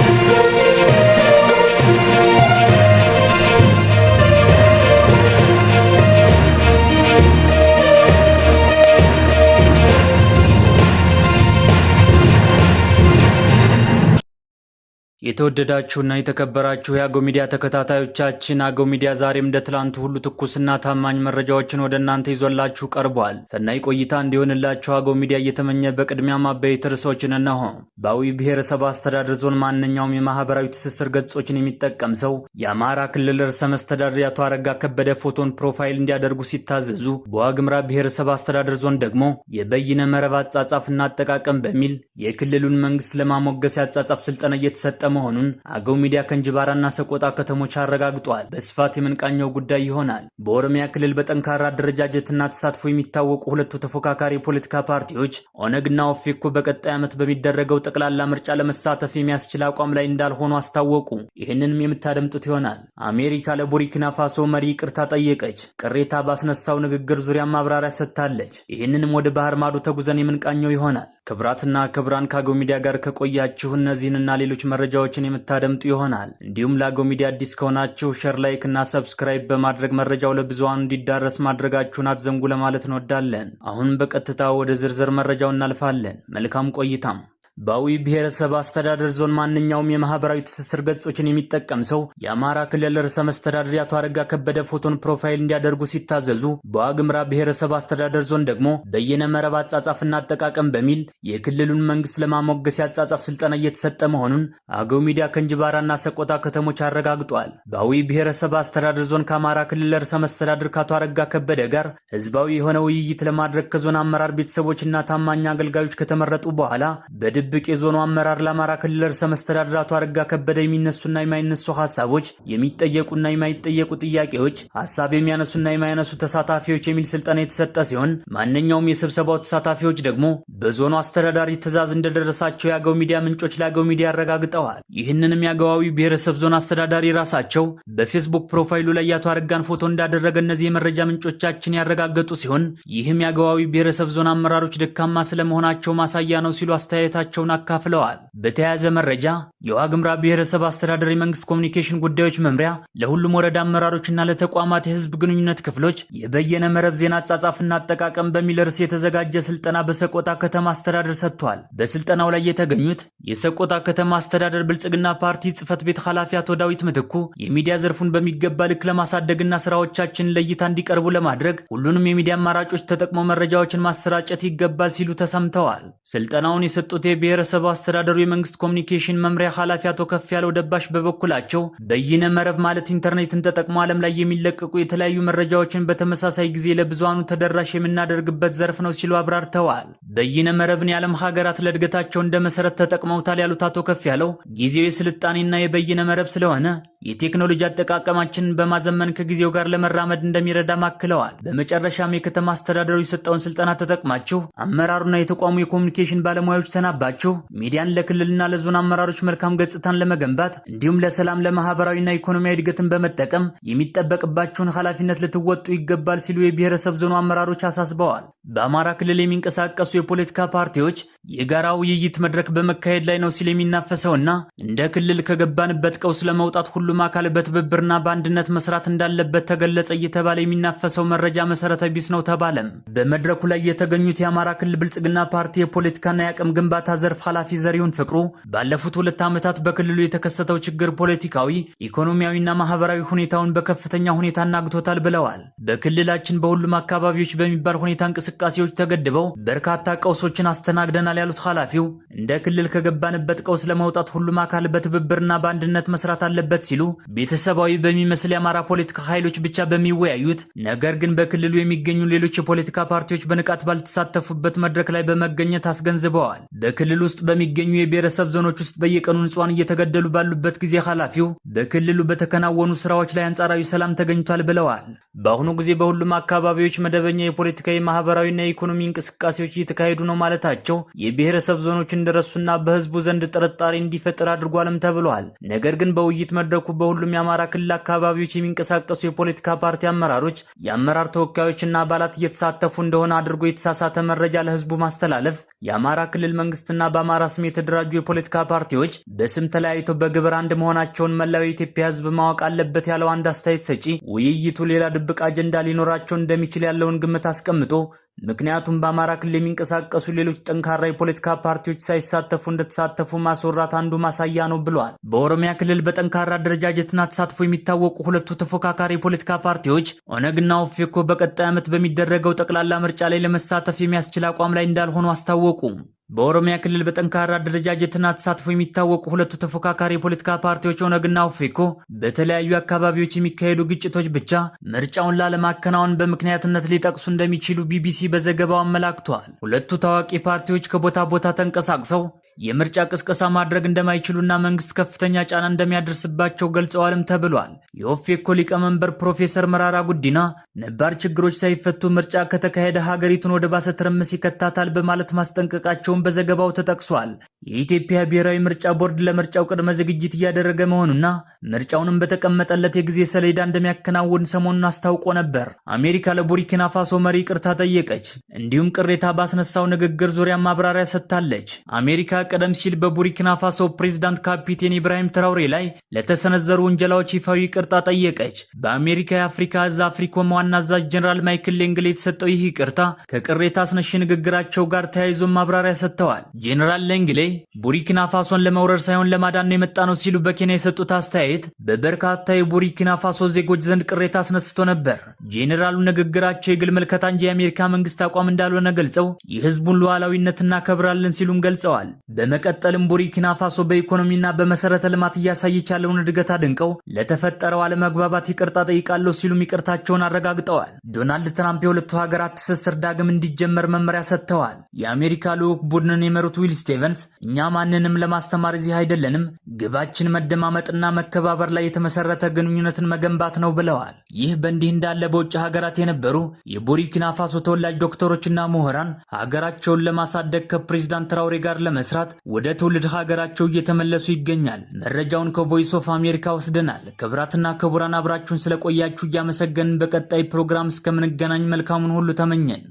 Música የተወደዳችሁና የተከበራችሁ የአገው ሚዲያ ተከታታዮቻችን አገው ሚዲያ ዛሬም እንደ ትላንቱ ሁሉ ትኩስና ታማኝ መረጃዎችን ወደ እናንተ ይዞላችሁ ቀርቧል። ሰናይ ቆይታ እንዲሆንላችሁ አገው ሚዲያ እየተመኘ በቅድሚያ ማበይት ርዕሶችን እነሆ። በአዊ ብሔረሰብ አስተዳደር ዞን ማንኛውም የማህበራዊ ትስስር ገጾችን የሚጠቀም ሰው የአማራ ክልል ርዕሰ መስተዳደር አቶ አረጋ ከበደ ፎቶን ፕሮፋይል እንዲያደርጉ ሲታዘዙ፣ በዋግምራ ብሔረሰብ አስተዳደር ዞን ደግሞ የበይነ መረብ አጻጻፍና አጠቃቀም በሚል የክልሉን መንግስት ለማሞገስ ያጻጻፍ ስልጠና እየተሰጠ መሆኑን አገው ሚዲያ ከእንጅባራና ሰቆጣ ከተሞች አረጋግጧል። በስፋት የምንቃኘው ጉዳይ ይሆናል። በኦሮሚያ ክልል በጠንካራ አደረጃጀትና ተሳትፎ የሚታወቁ ሁለቱ ተፎካካሪ የፖለቲካ ፓርቲዎች ኦነግና ኦፌኮ በቀጣይ ዓመት በሚደረገው ጠቅላላ ምርጫ ለመሳተፍ የሚያስችል አቋም ላይ እንዳልሆኑ አስታወቁ። ይህንንም የምታደምጡት ይሆናል። አሜሪካ ለቡርኪና ፋሶ መሪ ይቅርታ ጠየቀች። ቅሬታ ባስነሳው ንግግር ዙሪያ ማብራሪያ ሰጥታለች። ይህንንም ወደ ባህር ማዶ ተጉዘን የምንቃኘው ይሆናል። ክብራትና ክብራን ከአገው ሚዲያ ጋር ከቆያችሁ እነዚህንና ሌሎች መረጃዎችን የምታደምጡ ይሆናል። እንዲሁም ለአገው ሚዲያ አዲስ ከሆናችሁ ሸር፣ ላይክ እና ሰብስክራይብ በማድረግ መረጃው ለብዙሃኑ እንዲዳረስ ማድረጋችሁን አትዘንጉ ለማለት እንወዳለን። አሁን በቀጥታ ወደ ዝርዝር መረጃው እናልፋለን። መልካም ቆይታም በአዊ ብሔረሰብ አስተዳደር ዞን ማንኛውም የማህበራዊ ትስስር ገጾችን የሚጠቀም ሰው የአማራ ክልል ርዕሰ መስተዳደር የአቶ አረጋ ከበደ ፎቶን ፕሮፋይል እንዲያደርጉ ሲታዘዙ፣ በዋግምራ ብሔረሰብ አስተዳደር ዞን ደግሞ በየነ መረብ አጻጻፍና አጠቃቀም በሚል የክልሉን መንግስት ለማሞገስ ያጻጻፍ ስልጠና እየተሰጠ መሆኑን አገው ሚዲያ ከእንጅባራና ሰቆጣ ከተሞች አረጋግጧል። በአዊ ብሔረሰብ አስተዳደር ዞን ከአማራ ክልል ርዕሰ መስተዳድር ከአቶ አረጋ ከበደ ጋር ህዝባዊ የሆነ ውይይት ለማድረግ ከዞን አመራር ቤተሰቦችና ታማኝ አገልጋዮች ከተመረጡ በኋላ በድብ በድብቅ የዞኑ አመራር ለአማራ ክልል ርዕሰ መስተዳድር አቶ አረጋ ከበደ የሚነሱና የማይነሱ ሀሳቦች፣ የሚጠየቁና የማይጠየቁ ጥያቄዎች፣ ሀሳብ የሚያነሱና የማያነሱ ተሳታፊዎች የሚል ስልጠና የተሰጠ ሲሆን ማንኛውም የስብሰባው ተሳታፊዎች ደግሞ በዞኑ አስተዳዳሪ ትዕዛዝ እንደደረሳቸው የአገው ሚዲያ ምንጮች ለአገው ሚዲያ አረጋግጠዋል። ይህንንም የአገዋዊ ብሔረሰብ ዞን አስተዳዳሪ ራሳቸው በፌስቡክ ፕሮፋይሉ ላይ የአቶ አረጋን ፎቶ እንዳደረገ እነዚህ የመረጃ ምንጮቻችን ያረጋገጡ ሲሆን ይህም የአገዋዊ ብሔረሰብ ዞን አመራሮች ደካማ ስለመሆናቸው ማሳያ ነው ሲሉ አስተያየታቸው ልምዳቸውን አካፍለዋል። በተያያዘ መረጃ የዋግምራ ብሔረሰብ አስተዳደር የመንግስት ኮሚኒኬሽን ጉዳዮች መምሪያ ለሁሉም ወረዳ አመራሮችና ለተቋማት የህዝብ ግንኙነት ክፍሎች የበየነ መረብ ዜና አጻጻፍና አጠቃቀም በሚል ርዕስ የተዘጋጀ ስልጠና በሰቆጣ ከተማ አስተዳደር ሰጥቷል። በስልጠናው ላይ የተገኙት የሰቆጣ ከተማ አስተዳደር ብልጽግና ፓርቲ ጽህፈት ቤት ኃላፊ አቶ ዳዊት ምትኩ የሚዲያ ዘርፉን በሚገባ ልክ ለማሳደግና ስራዎቻችን ለእይታ እንዲቀርቡ ለማድረግ ሁሉንም የሚዲያ አማራጮች ተጠቅሞ መረጃዎችን ማሰራጨት ይገባል ሲሉ ተሰምተዋል። ስልጠናውን የሰጡት ብሔረሰብ አስተዳደሩ የመንግስት ኮሚኒኬሽን መምሪያ ኃላፊ አቶ ከፍ ያለው ደባሽ በበኩላቸው በይነ መረብ ማለት ኢንተርኔትን ተጠቅሞ ዓለም ላይ የሚለቀቁ የተለያዩ መረጃዎችን በተመሳሳይ ጊዜ ለብዙሃኑ ተደራሽ የምናደርግበት ዘርፍ ነው ሲሉ አብራርተዋል። በይነ መረብን የዓለም ሀገራት ለእድገታቸው እንደ መሰረት ተጠቅመውታል ያሉት አቶ ከፍ ያለው ጊዜው የስልጣኔና የበይነ መረብ ስለሆነ የቴክኖሎጂ አጠቃቀማችንን በማዘመን ከጊዜው ጋር ለመራመድ እንደሚረዳ ማክለዋል። በመጨረሻም የከተማ አስተዳደሩ የሰጠውን ስልጠና ተጠቅማችሁ አመራሩና የተቋሙ የኮሚኒኬሽን ባለሙያዎች ተናባ አድርጋችሁ ሚዲያን ለክልልና ለዞን አመራሮች መልካም ገጽታን ለመገንባት እንዲሁም ለሰላም ለማህበራዊና ኢኮኖሚያዊ እድገትን በመጠቀም የሚጠበቅባችሁን ኃላፊነት ልትወጡ ይገባል ሲሉ የብሔረሰብ ዞኑ አመራሮች አሳስበዋል። በአማራ ክልል የሚንቀሳቀሱ የፖለቲካ ፓርቲዎች የጋራ ውይይት መድረክ በመካሄድ ላይ ነው ሲል የሚናፈሰውና እንደ ክልል ከገባንበት ቀውስ ለመውጣት ሁሉም አካል በትብብርና በአንድነት መስራት እንዳለበት ተገለጸ እየተባለ የሚናፈሰው መረጃ መሰረተ ቢስ ነው ተባለም። በመድረኩ ላይ የተገኙት የአማራ ክልል ብልጽግና ፓርቲ የፖለቲካና የአቅም ግንባታ ዘርፍ ኃላፊ ዘሪሁን ፍቅሩ ባለፉት ሁለት ዓመታት በክልሉ የተከሰተው ችግር ፖለቲካዊ፣ ኢኮኖሚያዊና ማህበራዊ ሁኔታውን በከፍተኛ ሁኔታ አናግቶታል ብለዋል። በክልላችን በሁሉም አካባቢዎች በሚባል ሁኔታ እንቅስቃሴዎች ተገድበው በርካታ ቀውሶችን አስተናግደናል ያሉት ኃላፊው እንደ ክልል ከገባንበት ቀውስ ለመውጣት ሁሉም አካል በትብብርና በአንድነት መስራት አለበት ሲሉ ቤተሰባዊ በሚመስል የአማራ ፖለቲካ ኃይሎች ብቻ በሚወያዩት ነገር ግን በክልሉ የሚገኙ ሌሎች የፖለቲካ ፓርቲዎች በንቃት ባልተሳተፉበት መድረክ ላይ በመገኘት አስገንዝበዋል። በክልል ውስጥ በሚገኙ የብሔረሰብ ዞኖች ውስጥ በየቀኑ ንጹሃን እየተገደሉ ባሉበት ጊዜ ኃላፊው በክልሉ በተከናወኑ ስራዎች ላይ አንጻራዊ ሰላም ተገኝቷል ብለዋል። በአሁኑ ጊዜ በሁሉም አካባቢዎች መደበኛ የፖለቲካዊ፣ ማህበራዊና የኢኮኖሚ እንቅስቃሴዎች እየተካሄዱ ነው ማለታቸው የብሔረሰብ ዞኖች እንደረሱና በህዝቡ ዘንድ ጥርጣሬ እንዲፈጥር አድርጓልም ተብሏል። ነገር ግን በውይይት መድረኩ በሁሉም የአማራ ክልል አካባቢዎች የሚንቀሳቀሱ የፖለቲካ ፓርቲ አመራሮች፣ የአመራር ተወካዮችና አባላት እየተሳተፉ እንደሆነ አድርጎ የተሳሳተ መረጃ ለህዝቡ ማስተላለፍ የአማራ ክልል መንግስትና በአማራ ስም የተደራጁ የፖለቲካ ፓርቲዎች በስም ተለያይቶ በግብር አንድ መሆናቸውን መላው የኢትዮጵያ ሕዝብ ማወቅ አለበት ያለው አንድ አስተያየት ሰጪ ውይይቱ ሌላ ድብቅ አጀንዳ ሊኖራቸው እንደሚችል ያለውን ግምት አስቀምጦ ምክንያቱም በአማራ ክልል የሚንቀሳቀሱ ሌሎች ጠንካራ የፖለቲካ ፓርቲዎች ሳይሳተፉ እንደተሳተፉ ማስወራት አንዱ ማሳያ ነው ብለዋል። በኦሮሚያ ክልል በጠንካራ አደረጃጀትና ተሳትፎ የሚታወቁ ሁለቱ ተፎካካሪ የፖለቲካ ፓርቲዎች ኦነግና ኦፌኮ በቀጣይ ዓመት በሚደረገው ጠቅላላ ምርጫ ላይ ለመሳተፍ የሚያስችል አቋም ላይ እንዳልሆኑ አስታወቁ። በኦሮሚያ ክልል በጠንካራ አደረጃጀትና ተሳትፎ የሚታወቁ ሁለቱ ተፎካካሪ የፖለቲካ ፓርቲዎች ኦነግና ኦፌኮ በተለያዩ አካባቢዎች የሚካሄዱ ግጭቶች ብቻ ምርጫውን ላለማከናወን በምክንያትነት ሊጠቅሱ እንደሚችሉ ቢቢሲ በዘገባው አመላክቷል። ሁለቱ ታዋቂ ፓርቲዎች ከቦታ ቦታ ተንቀሳቅሰው የምርጫ ቅስቀሳ ማድረግ እንደማይችሉና መንግስት ከፍተኛ ጫና እንደሚያደርስባቸው ገልጸዋልም ተብሏል። የኦፌኮ ሊቀመንበር ፕሮፌሰር መራራ ጉዲና ነባር ችግሮች ሳይፈቱ ምርጫ ከተካሄደ ሀገሪቱን ወደ ባሰ ትርምስ ይከታታል በማለት ማስጠንቀቃቸውን በዘገባው ተጠቅሷል። የኢትዮጵያ ብሔራዊ ምርጫ ቦርድ ለምርጫው ቅድመ ዝግጅት እያደረገ መሆኑና ምርጫውንም በተቀመጠለት የጊዜ ሰሌዳ እንደሚያከናውን ሰሞኑን አስታውቆ ነበር። አሜሪካ ለቡርኪና ፋሶ መሪ ቅርታ ጠየቀች። እንዲሁም ቅሬታ ባስነሳው ንግግር ዙሪያ ማብራሪያ ሰጥታለች። አሜሪካ ቀደም ሲል በቡርኪና ፋሶ ፕሬዝዳንት ካፒቴን ኢብራሂም ትራውሬ ላይ ለተሰነዘሩ ወንጀላዎች ይፋዊ ይቅርታ ጠየቀች። በአሜሪካ የአፍሪካ እዝ አፍሪኮም ዋና አዛዥ ጀኔራል ማይክል ሌንግሌ የተሰጠው ይህ ይቅርታ ከቅሬታ አስነሽ ንግግራቸው ጋር ተያይዞ ማብራሪያ ሰጥተዋል። ጀኔራል ሌንግሌ ቡርኪና ፋሶን ለመውረር ሳይሆን ለማዳን ነው የመጣ ነው ሲሉ በኬንያ የሰጡት አስተያየት በበርካታ የቡርኪና ፋሶ ዜጎች ዘንድ ቅሬታ አስነስቶ ነበር። ጄኔራሉ ንግግራቸው የግል መልከታ እንጂ የአሜሪካ መንግስት አቋም እንዳልሆነ ገልጸው የህዝቡን ሉዓላዊነት እናከብራለን ሲሉም ገልጸዋል። በመቀጠልም ቡርኪና ፋሶ በኢኮኖሚና በመሰረተ ልማት እያሳየች ያለውን እድገት አድንቀው ለተፈጠረው አለመግባባት ይቅርታ ጠይቃለሁ ሲሉም ይቅርታቸውን አረጋግጠዋል። ዶናልድ ትራምፕ የሁለቱ ሀገራት ትስስር ዳግም እንዲጀመር መመሪያ ሰጥተዋል። የአሜሪካ ልዑክ ቡድንን የመሩት ዊል ስቴቨንስ እኛ ማንንም ለማስተማር እዚህ አይደለንም፣ ግባችን መደማመጥና መከባበር ላይ የተመሰረተ ግንኙነትን መገንባት ነው ብለዋል። ይህ በእንዲህ እንዳለ በውጭ ሀገራት የነበሩ የቡርኪና ፋሶ ተወላጅ ዶክተሮችና ምሁራን ሀገራቸውን ለማሳደግ ከፕሬዚዳንት ትራውሬ ጋር ለመስራት በመግባት ወደ ትውልድ ሀገራቸው እየተመለሱ ይገኛል። መረጃውን ከቮይስ ኦፍ አሜሪካ ወስደናል። ክቡራትና ክቡራን አብራችሁን ስለቆያችሁ እያመሰገንን በቀጣይ ፕሮግራም እስከምንገናኝ መልካሙን ሁሉ ተመኘን።